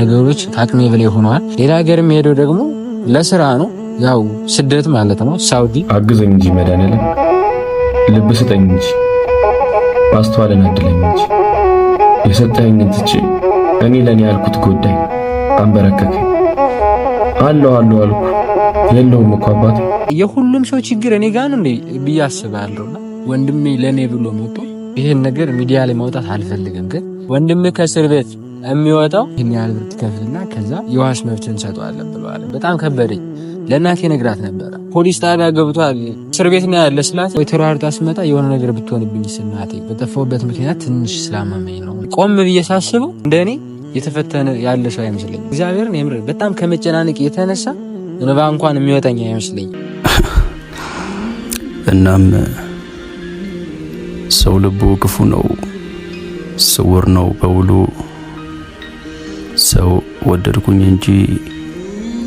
ነገሮች ከአቅሜ በላይ ሆነዋል። ሌላ ሀገር የሚሄደው ደግሞ ለስራ ነው። ያው ስደት ማለት ነው። ሳውዲ አግዘኝ እንጂ መድኃኒዓለም ልብ ስጠኝ እንጂ ማስተዋልን አድለኝ እንጂ የሰጠኝ ትቼ እኔ ለእኔ ያልኩት ጎዳይ አንበረከከኝ። አለው አለ አልኩ የለውም እኮ አባት። የሁሉም ሰው ችግር እኔ ጋር ነው እንዴ ብዬ አስባለሁ። ወንድሜ ለእኔ ብሎ መጥቶ ይህን ነገር ሚዲያ ላይ ማውጣት አልፈልግም፣ ግን ወንድም ከእስር ቤት የሚወጣው ይህን ያህል ብር ትከፍልና ከዛ የዋስ መብት እንሰጠዋለን ብለዋል። በጣም ከበደኝ። ለእናቴ ነግራት ነበረ። ፖሊስ ጣቢያ ገብቷል እስር ቤት ነው ያለ ስላት ወይ ተሯርጣ ስመጣ የሆነ ነገር ብትሆንብኝ ስናቴ በጠፋሁበት ምክንያት ትንሽ ስላመመኝ ነው። ቆም ብዬ ሳስበው እንደ እኔ የተፈተነ ያለ ሰው አይመስለኝ። እግዚአብሔርን የምር በጣም ከመጨናነቅ የተነሳ እንባ እንኳን የሚወጠኝ አይመስለኝ እናም ሰው ልቡ ክፉ ነው፣ ስውር ነው በውሉ። ሰው ወደድኩኝ እንጂ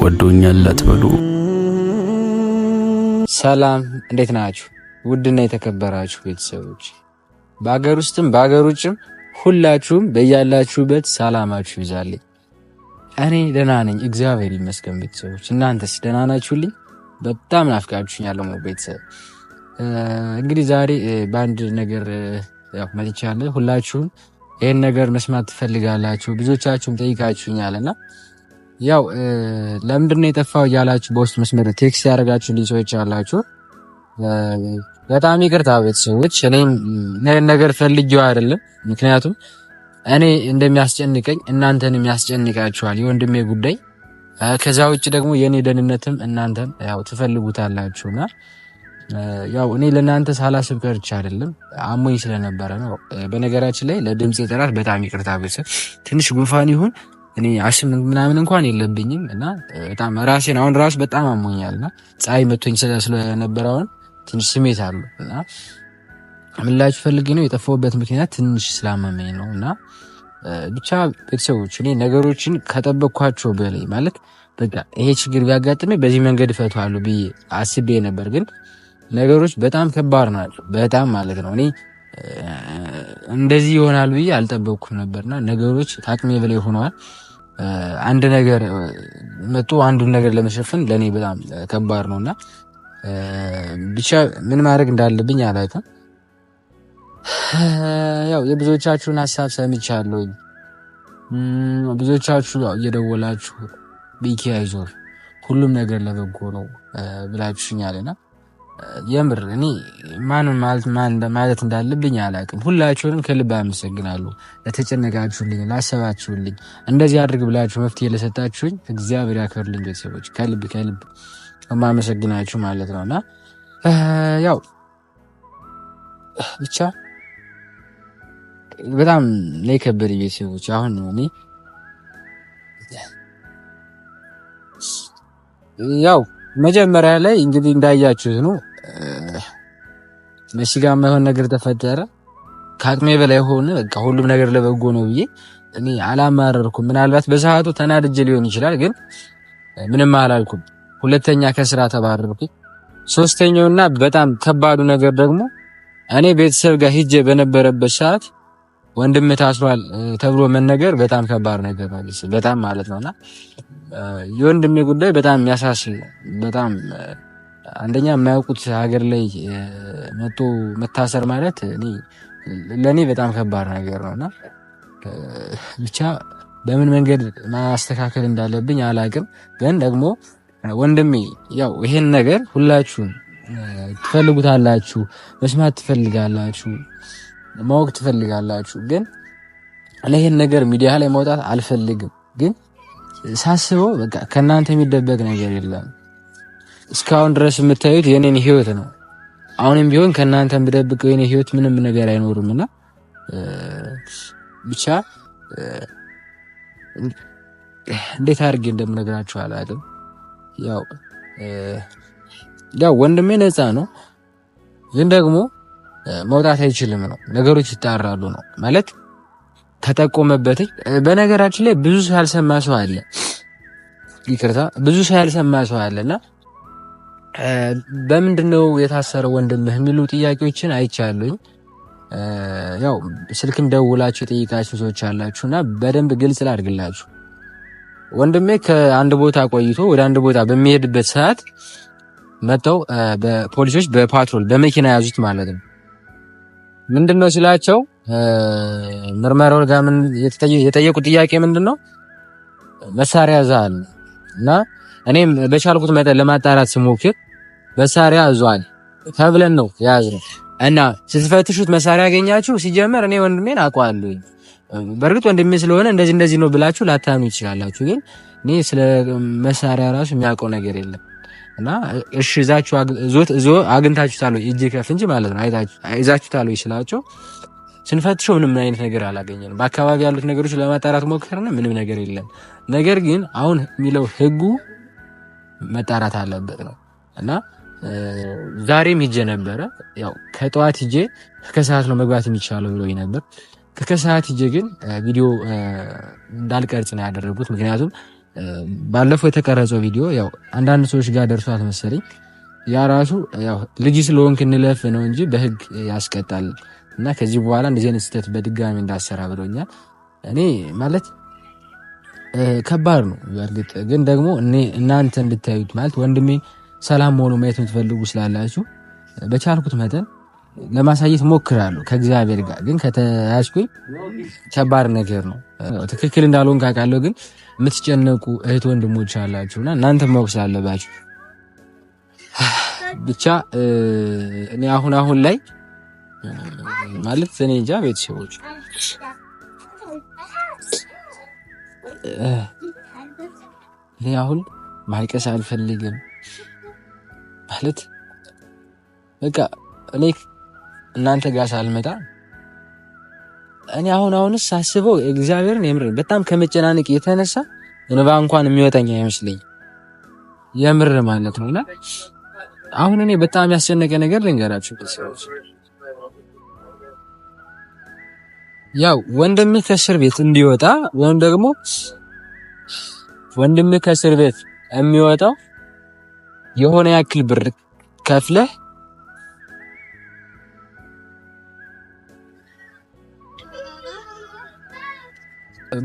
ወዶኛል አትበሉ። ሰላም እንዴት ናችሁ? ውድና የተከበራችሁ ቤተሰቦች በአገር ውስጥም በአገር ውጭም ሁላችሁም በያላችሁበት ሰላማችሁ ይብዛልኝ። እኔ ደህና ነኝ እግዚአብሔር ይመስገን። ቤተሰቦች እናንተስ ደህና ናችሁልኝ? በጣም ናፍቃችሁኛል ቤተሰብ እንግዲህ ዛሬ በአንድ ነገር መጥቻለሁ። ሁላችሁም ይህን ነገር መስማት ትፈልጋላችሁ። ብዙዎቻችሁም ጠይቃችሁኛል እና ያው ለምንድነው የጠፋው እያላችሁ በውስጥ መስመር ቴክስት ያደረጋችሁ እንዲህ ሰዎች አላችሁ። በጣም ይቅርታ ቤተሰቦች፣ እኔም ይህን ነገር ፈልጌው አይደለም። ምክንያቱም እኔ እንደሚያስጨንቀኝ እናንተንም ያስጨንቃችኋል የወንድሜ ጉዳይ። ከዛ ውጭ ደግሞ የእኔ ደህንነትም እናንተም ያው ትፈልጉታላችሁና ያው እኔ ለእናንተ ሳላስብ ቀርቼ አይደለም፣ አሞኝ ስለነበረ ነው። በነገራችን ላይ ለድምፅ የጠራት በጣም ይቅርታ ቤተሰብ። ትንሽ ጉንፋን ይሁን እኔ አስም ምናምን እንኳን የለብኝም እና በጣም ራሴን አሁን ራሱ በጣም አሞኛል እና ፀሐይ መቶኝ ስለነበረ አሁን ትንሽ ስሜት አሉ እና ምላችሁ ፈልጌ ነው የጠፋሁበት ምክንያት ትንሽ ስላመመኝ ነው እና ብቻ ቤተሰቦች እኔ ነገሮችን ከጠበቅኳቸው በላይ ማለት በቃ ይሄ ችግር ቢያጋጥመኝ በዚህ መንገድ እፈታዋለሁ ብዬ አስቤ ነበር ግን ነገሮች በጣም ከባድ ናቸው። በጣም ማለት ነው። እኔ እንደዚህ ይሆናል ብዬ አልጠበቅኩም ነበርና ነገሮች ከአቅሜ በላይ ሆነዋል። አንድ ነገር መጡ አንዱን ነገር ለመሸፈን ለእኔ በጣም ከባድ ነው እና ብቻ ምን ማድረግ እንዳለብኝ አላውቅም። ያው የብዙዎቻችሁን ሀሳብ ሰምቻለሁኝ። ብዙዎቻችሁ እየደወላችሁ ቢኪ ሁሉም ነገር ለበጎ ነው ብላችሁኛልና የምር እኔ ማንም ማለት እንዳለብኝ አላቅም ሁላችሁንም ከልብ አመሰግናለሁ። ለተጨነቃችሁልኝ፣ ላሰባችሁልኝ፣ እንደዚህ አድርግ ብላችሁ መፍትሄ ለሰጣችሁኝ እግዚአብሔር ያክብርልኝ። ቤተሰቦች ከልብ ከልብ የማመሰግናችሁ ማለት ነው እና ያው ብቻ በጣም ነው የከበደኝ ቤተሰቦች። አሁን እኔ ያው መጀመሪያ ላይ እንግዲህ እንዳያችሁት ነው መሲ ጋር የማይሆን ነገር ተፈጠረ፣ ከአቅሜ በላይ ሆነ። በቃ ሁሉም ነገር ለበጎ ነው ብዬ እኔ አላማረርኩም። ምናልባት በሰዓቱ ተናድጄ ሊሆን ይችላል፣ ግን ምንም አላልኩም። ሁለተኛ ከስራ ተባረርኩ። ሶስተኛውና በጣም ከባዱ ነገር ደግሞ እኔ ቤተሰብ ጋር ሂጄ በነበረበት ሰዓት ወንድም ታስሯል ተብሎ መነገር በጣም ከባድ ነገር በጣም ማለት ነውና የወንድሜ ጉዳይ በጣም የሚያሳስብ በጣም አንደኛ የማያውቁት ሀገር ላይ መቶ መታሰር ማለት ለእኔ በጣም ከባድ ነገር ነው እና ብቻ በምን መንገድ ማስተካከል እንዳለብኝ አላቅም። ግን ደግሞ ወንድሜ ያው ይሄን ነገር ሁላችሁም ትፈልጉታላችሁ፣ መስማት ትፈልጋላችሁ፣ ማወቅ ትፈልጋላችሁ። ግን ለይሄን ነገር ሚዲያ ላይ መውጣት አልፈልግም። ግን ሳስበው በቃ ከእናንተ የሚደበቅ ነገር የለም። እስካሁን ድረስ የምታዩት የኔን ህይወት ነው። አሁንም ቢሆን ከእናንተ የምደብቀው የኔ ህይወት ምንም ነገር አይኖርም እና ብቻ እንዴት አድርጌ እንደምነግራችሁ አላውቅም። ያው ያው ወንድሜ ነፃ ነው፣ ግን ደግሞ መውጣት አይችልም ነው። ነገሮች ይጣራሉ ነው ማለት ተጠቆመበት። በነገራችን ላይ ብዙ ሳያልሰማ ሰው አለ፣ ይቅርታ ብዙ ሳያልሰማ ሰው እና በምንድን ነው የታሰረው ወንድምህ የሚሉ ጥያቄዎችን አይቻሉኝ። ያው ስልክም ደውላችሁ የጠይቃችሁ ሰዎች አላችሁ እና በደንብ ግልጽ ላድርግላችሁ። ወንድሜ ከአንድ ቦታ ቆይቶ ወደ አንድ ቦታ በሚሄድበት ሰዓት መጥተው ፖሊሶች በፓትሮል በመኪና ያዙት ማለት ነው። ምንድን ነው ሲላቸው ምርመራው ጋር የጠየቁት ጥያቄ ምንድን ነው መሳሪያ ዛል እና እኔም በቻልኩት መጠን ለማጣራት ስሞክር መሳሪያ እዟል ተብለን ነው የያዝነው እና ስትፈትሹት መሳሪያ ያገኛችሁ። ሲጀመር እኔ ወንድሜን አውቀዋለሁ። በእርግጥ ወንድሜ ስለሆነ እንደዚህ እንደዚህ ነው ብላችሁ ላታኑ ይችላላችሁ። ግን እኔ ስለ መሳሪያ ራሱ የሚያውቀው ነገር የለም እና እሺ እዛችሁ እዞ አግኝታችሁታል ወይ እጅ እንጂ ማለት ነው አይዛችሁታል ወይ ስላቸው ስንፈትሸው ምንም አይነት ነገር አላገኘንም። በአካባቢ ያሉት ነገሮች ለማጣራት ሞከርን፣ ምንም ነገር የለም። ነገር ግን አሁን የሚለው ህጉ መጣራት አለበት ነው እና ዛሬም ሂጄ ነበረ። ያው ከጠዋት ሂጄ ከሰዓት ነው መግባት የሚቻለው ብሎኝ ነበር። ከከሰዓት ሂጄ ግን ቪዲዮ እንዳልቀርጽ ነው ያደረጉት። ምክንያቱም ባለፈው የተቀረጸው ቪዲዮ ያው አንዳንድ ሰዎች ጋር ደርሷት መሰለኝ። ያ ራሱ ያው ልጅ ስለሆንክ እንለፍ ነው እንጂ በህግ ያስቀጣል እና ከዚህ በኋላ እንደዚህ አይነት ስህተት በድጋሚ እንዳሰራ ብሎኛል። እኔ ማለት ከባድ ነው። በእርግጥ ግን ደግሞ እናንተ እንድታዩት ማለት ወንድሜ ሰላም መሆኑ ማየት የምትፈልጉ ስላላችሁ በቻልኩት መጠን ለማሳየት ሞክራለሁ። ከእግዚአብሔር ጋር ግን ከተያዝኩኝ ከባድ ነገር ነው። ትክክል እንዳልሆን ካውቃለሁ። ግን የምትጨነቁ እህት ወንድሞች አላችሁና እናንተ ማወቅ ስላለባችሁ ብቻ እኔ አሁን አሁን ላይ ማለት እኔ እንጃ ቤተሰቦች እኔ አሁን ማልቀስ አልፈልግም ማለት በቃ እኔ እናንተ ጋር ሳልመጣ እኔ አሁን አሁንስ ሳስበው እግዚአብሔርን የምር በጣም ከመጨናነቅ የተነሳ እንባ እንኳን የሚወጣኝ አይመስለኝ የምር ማለት ነው። ነውና አሁን እኔ በጣም ያስጨነቀ ነገር ልንገራችሁ። ያው ወንድም ከእስር ቤት እንዲወጣ ወይም ደግሞ ወንድም ከእስር ቤት የሚወጣው የሆነ ያክል ብር ከፍለህ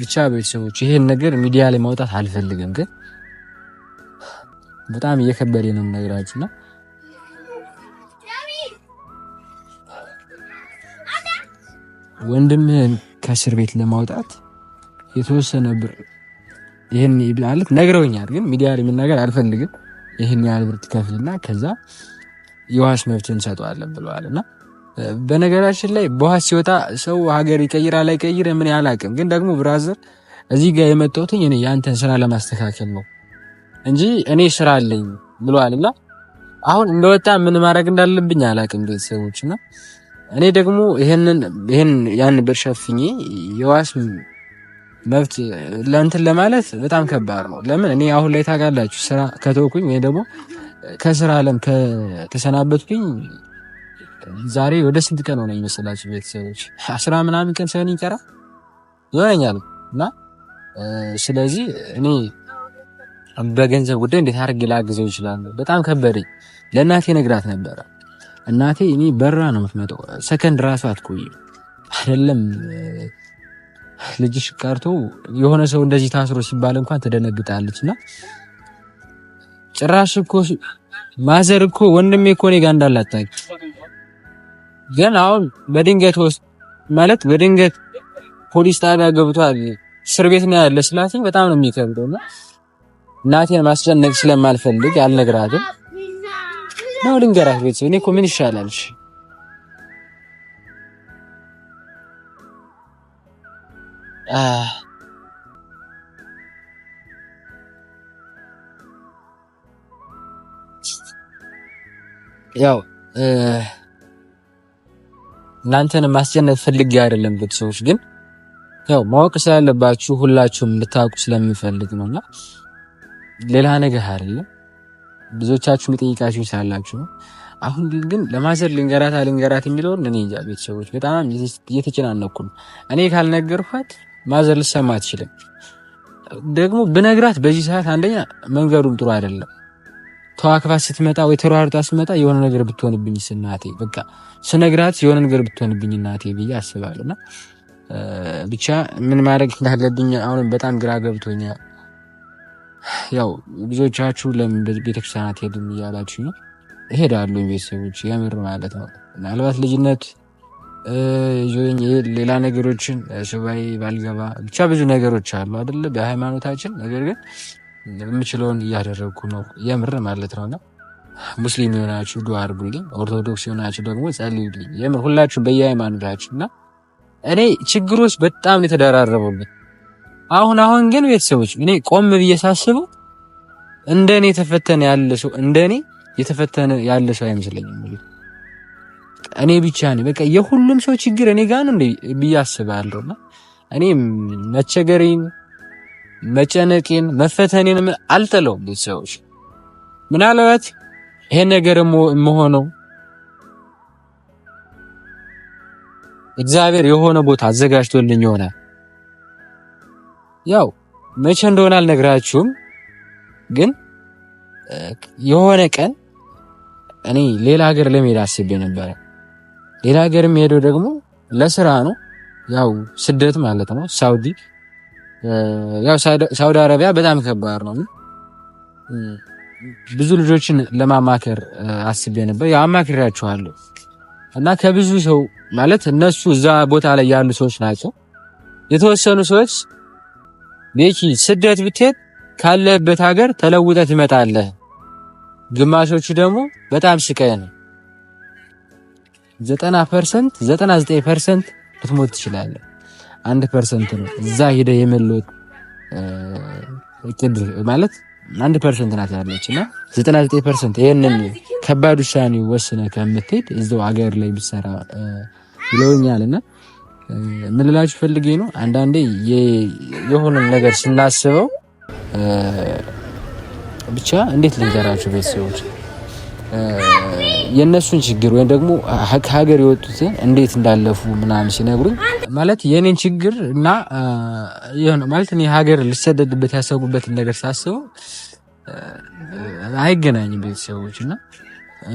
ብቻ ቤተሰቦች ይሄን ነገር ሚዲያ ላይ ማውጣት አልፈልግም፣ ግን በጣም እየከበደ ነው ነገራችሁና ወንድምህን ከእስር ቤት ለማውጣት የተወሰነ ብር ይህን ማለት ነግረውኛል፣ ግን ሚዲያ ላይ መናገር አልፈልግም። ይህን ያህል ብር ትከፍልና ከዛ የዋስ መብት እንሰጠዋለን ብለዋል እና በነገራችን ላይ በዋስ ሲወጣ ሰው ሀገር ይቀይራ ላይ ቀይር ምን አላውቅም። ግን ደግሞ ብራዘር እዚህ ጋር የመጣሁት እኔ የአንተን ስራ ለማስተካከል ነው እንጂ እኔ ስራ አለኝ ብለዋል እና አሁን እንደወጣ ምን ማድረግ እንዳለብኝ አላውቅም ቤተሰቦች እና እኔ ደግሞ ይሄንን ይሄን ያን ብር ሸፍኜ የዋስ መብት ለእንትን ለማለት በጣም ከባድ ነው። ለምን እኔ አሁን ላይ ታውቃላችሁ፣ ስራ ከተውኩኝ ወይ ደግሞ ከስራ አለም ከተሰናበትኩኝ ዛሬ ወደ ስንት ቀን ሆነ ይመስላችሁ ቤተሰቦች? አስራ ምናምን ቀን ሳይሆን ይቀራ ይሆነኛል እና ስለዚህ እኔ በገንዘብ ጉዳይ እንዴት አድርጌ ላግዘው ይችላል? በጣም ከበደኝ። ለእናቴ ነግራት ነበረ እናቴ እኔ በራ ነው የምትመጣው። ሰከንድ ራሱ አትቆይም። አይደለም ልጅሽ ቀርቶ የሆነ ሰው እንደዚህ ታስሮ ሲባል እንኳን ትደነግጣለች። እና ጭራሽ እኮ ማዘር እኮ ወንድሜ እኮ እኔ ጋር እንዳለ ግን አሁን በድንገት ወስድ ማለት በድንገት ፖሊስ ጣቢያ ገብቷል እስር ቤት ነው ያለ ስላትኝ በጣም ነው የሚከብደው። እና እናቴን ማስጨነቅ ስለማልፈልግ አልነግራትም። ነው ልንገራሽ። ቤት እኔ እኮ ምን ይሻላል? እሺ ያው እናንተን ማስጨነቅ ፈልጌ አይደለም ቤተሰቦች፣ ግን ያው ማወቅ ስላለባችሁ ሁላችሁም ልታውቁ ስለምፈልግ ነውና ሌላ ነገር አይደለም። ብዙዎቻችሁ መጠይቃችሁ ይችላላችሁ። አሁን ግን ለማዘር ልንገራት አልንገራት የሚለውን እኔ እንጃ። ቤተሰቦች በጣም እየተጨናነኩ ነው። እኔ ካልነገርኳት ማዘር ልሰማ አትችልም። ደግሞ ብነግራት በዚህ ሰዓት አንደኛ መንገዱም ጥሩ አይደለም። ተዋክፋት ስትመጣ ወይ ተሯርጣ ስትመጣ የሆነ ነገር ብትሆንብኝ ስናቴ በቃ ስነግራት የሆነ ነገር ብትሆንብኝ እናቴ ብዬ አስባለሁ። እና ብቻ ምን ማድረግ እንዳለብኝ አሁንም በጣም ግራ ገብቶኛል። ያው ብዙዎቻችሁ ለምን ቤተክርስቲያን አትሄድም እያላችሁ ነው። እሄዳለሁ ቤተሰቦች፣ የምር ማለት ነው። ምናልባት ልጅነት ሌላ ነገሮችን ሱባኤ ባልገባ ብቻ ብዙ ነገሮች አሉ አይደለ በሃይማኖታችን። ነገር ግን የምችለውን እያደረግኩ ነው የምር ማለት ነው። ነውና ሙስሊም የሆናችሁ ዱዓ አድርጉልኝ፣ ኦርቶዶክስ የሆናችሁ ደግሞ ጸልዩልኝ። የምር ሁላችሁም በየሃይማኖታችሁ እና እኔ ችግሮች በጣም የተደራረቡልኝ አሁን አሁን ግን ቤተሰቦች እኔ ቆም ብዬ ሳስበው እንደኔ የተፈተነ ያለ ሰው እንደኔ የተፈተነ ያለ ሰው አይመስለኝም። እኔ ብቻ ነኝ በቃ የሁሉም ሰው ችግር እኔ ጋር ነው ብዬ አስባለሁና እኔ መቸገሬን፣ መጨነቄን፣ መፈተኔን አልጠለውም። ቤተሰቦች ምናልባት ይሄን ነገር መሆነው እግዚአብሔር የሆነ ቦታ አዘጋጅቶልኝ ይሆናል። ያው መቼ እንደሆነ አልነግራችሁም፣ ግን የሆነ ቀን እኔ ሌላ ሀገር ለመሄድ አስቤ ነበረ። ሌላ ሀገር የሚሄደው ደግሞ ለስራ ነው። ያው ስደት ማለት ነው። ሳውዲ ያው ሳውዲ አረቢያ በጣም ከባድ ነው። ብዙ ልጆችን ለማማከር አስቤ ነበር። ያው አማክሪያችኋለሁ እና ከብዙ ሰው ማለት እነሱ እዛ ቦታ ላይ ያሉ ሰዎች ናቸው የተወሰኑ ሰዎች ቤኪ ስደት ብትሄድ ካለበት ሀገር ተለውጠህ ትመጣለህ። ግማሾቹ ደግሞ በጣም ስቃይ ነው። 90% 99% ልትሞት ትችላለህ። አንድ ፐርሰንት ነው እዛ ሄደህ የመለወጥ እቅድ ማለት አንድ ፐርሰንት ናት ያለች እና 99% ይህንን ከባድ ውሳኔ ወስነህ ከምትሄድ እዛው ሀገር ላይ ብትሰራ ይለውኛል ምልላችሁ ፈልጌ ነው። አንዳንዴ የሆነ ነገር ስናስበው ብቻ እንዴት ልንገራችሁ ቤተሰቦች የእነሱን ችግር ወይም ደግሞ ሀገር የወጡትን እንዴት እንዳለፉ ምናምን ሲነግሩኝ ማለት የእኔን ችግር እና የሆነ ማለት እኔ ሀገር ልሰደድበት ያሰጉበትን ነገር ሳስበው አይገናኝም ቤተሰቦች እና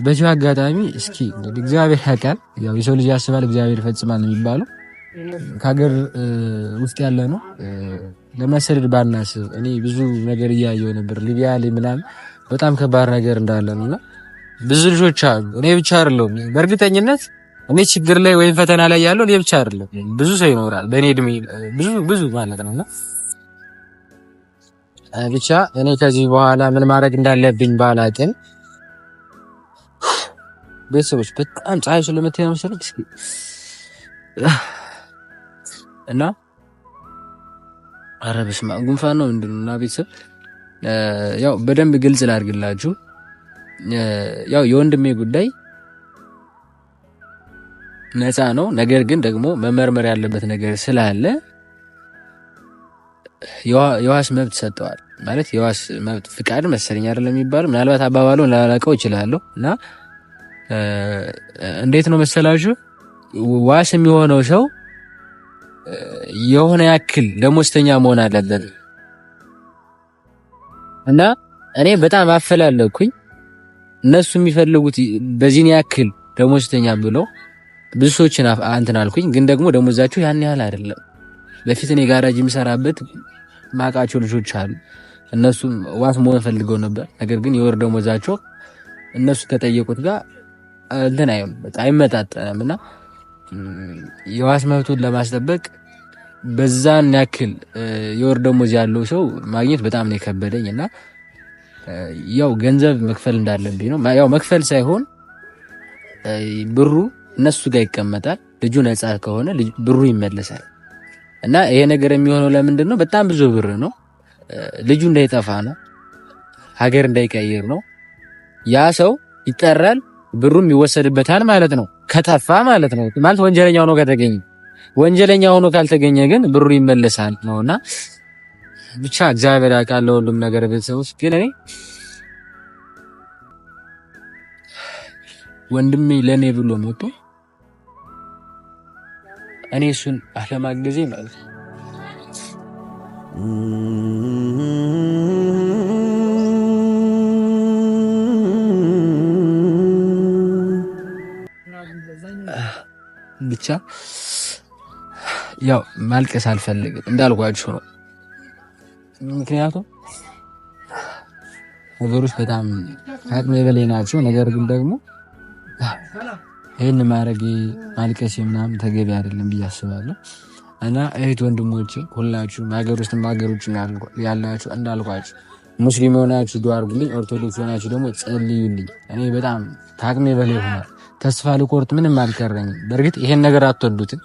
በዚሁ አጋጣሚ እስኪ እግዚአብሔር ያውቃል፣ ያው የሰው ልጅ ያስባል፣ እግዚአብሔር ይፈጽማል ነው የሚባለው ከሀገር ውስጥ ያለ ነው ለመሰደድ ባናስብ። እኔ ብዙ ነገር እያየው ነበር ሊቢያ ላይ ምናምን በጣም ከባድ ነገር እንዳለ ነው እና ብዙ ልጆች አሉ። እኔ ብቻ አይደለሁም በእርግጠኝነት እኔ ችግር ላይ ወይም ፈተና ላይ ያለው እኔ ብቻ አይደለም፣ ብዙ ሰው ይኖራል በእኔ እድሜ ብዙ ብዙ ማለት ነው። እና ብቻ እኔ ከዚህ በኋላ ምን ማድረግ እንዳለብኝ ባላቅን፣ ቤተሰቦች በጣም ፀሐይ ስለምትመስል እና ኧረ በስመ አብ ጉንፋን ነው ምንድን ነው? እና ቤተሰብ ያው በደንብ ግልጽ ላድርግላችሁ፣ ያው የወንድሜ ጉዳይ ነፃ ነው። ነገር ግን ደግሞ መመርመር ያለበት ነገር ስላለ የዋስ መብት ሰጠዋል። ማለት የዋስ መብት ፍቃድ መሰለኝ አይደለም የሚባለው፣ ምናልባት አባባሉን ላላቀው እችላለሁ። እና እንዴት ነው መሰላችሁ ዋስ የሚሆነው ሰው የሆነ ያክል ደሞዝተኛ መሆን አለብን እና እኔ በጣም አፈላለኩኝ። እነሱ የሚፈልጉት በዚህን ያክል ደሞዝተኛ ብለው ብዙ ሰዎችን እንትን አልኩኝ። ግን ደግሞ ደሞዛቸው ያን ያህል አይደለም። በፊት እኔ ጋራጅ የሚሰራበት ማቃቸው ልጆች አሉ። እነሱ ዋስ መሆን ፈልገው ነበር። ነገር ግን የወር ደሞዛቸው እነሱ ከጠየቁት ጋር እንትን አይመጣጠንም እና የዋስ መብቱን ለማስጠበቅ በዛን ያክል የወር ደሞዝ ያለው ሰው ማግኘት በጣም ነው የከበደኝ እና ያው ገንዘብ መክፈል እንዳለብኝ ነው። ያው መክፈል ሳይሆን ብሩ እነሱ ጋር ይቀመጣል። ልጁ ነፃ ከሆነ ብሩ ይመለሳል። እና ይሄ ነገር የሚሆነው ለምንድን ነው? በጣም ብዙ ብር ነው። ልጁ እንዳይጠፋ ነው፣ ሀገር እንዳይቀይር ነው። ያ ሰው ይጠራል ብሩም ይወሰድበታል ማለት ነው። ከጠፋ ማለት ነው ማለት ወንጀለኛ ሆኖ ከተገኘ ወንጀለኛ ሆኖ ካልተገኘ ግን ብሩ ይመለሳል ነውና ብቻ እግዚአብሔር ያውቃል ሁሉም ነገር። ቤተሰቦች ግን እኔ ወንድሜ ለእኔ ብሎ መጥቶ እኔ እሱን አለማገዜ ማለት ነው ብቻ ያው ማልቀስ አልፈልግም እንዳልኳችሁ ነው። ምክንያቱም ነገሮች በጣም አቅሜ በላይ ናቸው። ነገር ግን ደግሞ ይህን ማድረግ ማልቀሴ ምናምን ተገቢ አይደለም ብዬ አስባለሁ። እና እህት ወንድሞች ሁላችሁ ሀገር ውስጥ ሀገር ያላችሁ እንዳልኳችሁ ሙስሊም የሆናችሁ ዱዓ አድርጉልኝ፣ ኦርቶዶክስ የሆናችሁ ደግሞ ጸልዩልኝ። እኔ በጣም ታቅሜ በላይ ሆናል። ተስፋ ልቆርጥ ምንም አልቀረኝም። በእርግጥ ይሄን ነገር አትወዱትም።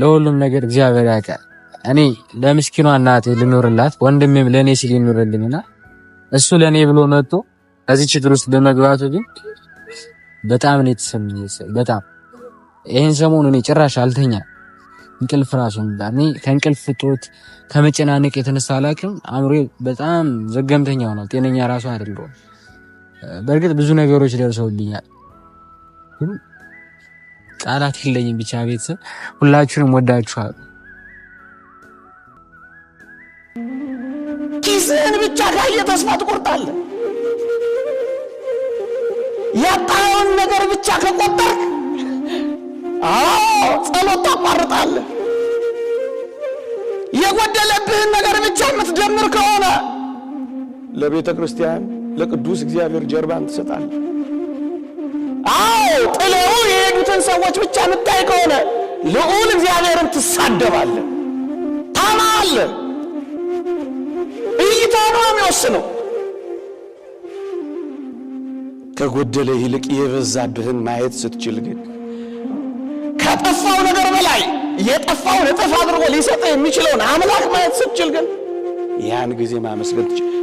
ለሁሉም ነገር እግዚአብሔር ያውቃል። እኔ ለምስኪኗ እናቴ ልኖርላት፣ ወንድሜም ለእኔ ሲል ይኖርልኝና እሱ ለእኔ ብሎ መጥቶ ከዚህ ችግር ውስጥ በመግባቱ ግን በጣም ነው የተሰማኝ። በጣም ይሄን ሰሞኑን እኔ ጭራሽ አልተኛ እንቅልፍ ራሱ እኔ ከእንቅልፍ ጦት ከመጨናነቅ የተነሳ አላውቅም። አእምሮ በጣም ዘገምተኛ ሆኗል። ጤነኛ ራሱ አይደለሁም። በእርግጥ ብዙ ነገሮች ደርሰውልኛል። ቃላት የለኝም። ብቻ ቤተሰብ ሁላችሁንም ወዳችኋል። ኪስህን ብቻ ካየ ተስፋ ትቆርጣለህ። ያጣውን ነገር ብቻ ከቆጠርክ፣ አዎ ጸሎት ታቋርጣለህ። የጎደለብህን ነገር ብቻ የምትደምር ከሆነ ለቤተ ክርስቲያን ለቅዱስ እግዚአብሔር ጀርባን ትሰጣለህ። አዎ ጥለው የሄዱትን ሰዎች ብቻ ምታይ ከሆነ ልዑል እግዚአብሔርን ትሳደባለ። ታማለ። እይታ ነው የሚወስነው። ከጎደለ ይልቅ የበዛብህን ማየት ስትችል ግን ከጠፋው ነገር በላይ የጠፋውን እጥፍ አድርጎ ሊሰጥ የሚችለውን አምላክ ማየት ስትችል ግን ያን ጊዜ ማመስገን ትችል